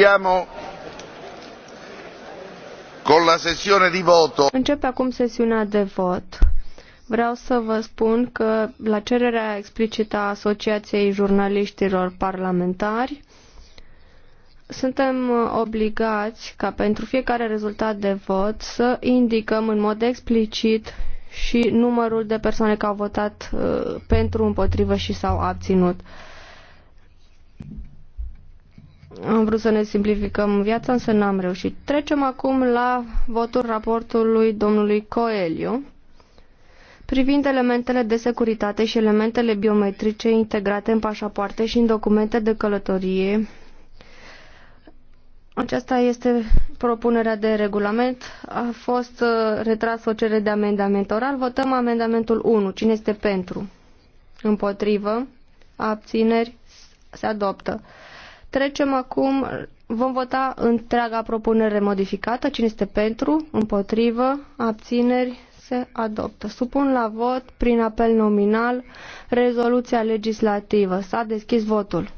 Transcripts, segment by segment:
Procediamo con la sessione di voto. Începe acum sesiunea de vot. Vreau să vă spun că la cererea explicită a Asociației Jurnaliștilor Parlamentari suntem obligați ca pentru fiecare rezultat de vot să indicăm în mod explicit și numărul de persoane care au votat uh, pentru, împotrivă și s-au abținut. Am vrut să ne simplificăm viața, însă n-am reușit. Trecem acum la votul raportului domnului Coelho privind elementele de securitate și elementele biometrice integrate în pașapoarte și în documente de călătorie. Aceasta este propunerea de regulament. A fost uh, retras o cerere de amendament oral. Votăm amendamentul 1. Cine este pentru? Împotrivă? Abțineri? Se adoptă. Trecem acum, vom vota întreaga propunere modificată. Cine este pentru, împotrivă, abțineri, se adoptă. Supun la vot, prin apel nominal, rezoluția legislativă. S-a deschis votul.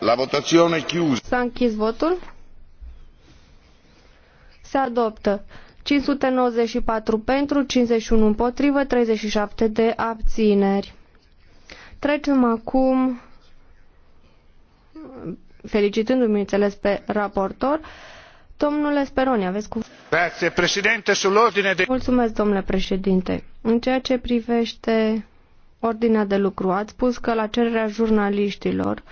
La votazione chiusa. S-a închis votul. Se adoptă. 594 pentru, 51 împotrivă, 37 de abțineri. Trecem acum, felicitându-mi, înțeles, pe raportor, Domnule Speroni, aveți ordine De... Mulțumesc, domnule președinte. În ceea ce privește ordinea de lucru, ați spus că la cererea jurnaliștilor uh,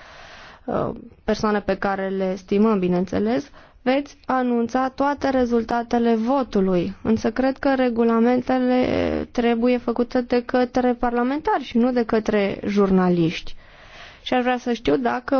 Uh, persoane pe care le stimăm bineînțeles, veți anunța toate rezultatele votului. Însă cred că regulamentele trebuie făcute de către parlamentari și nu de către jurnaliști. Și aș vrea să știu dacă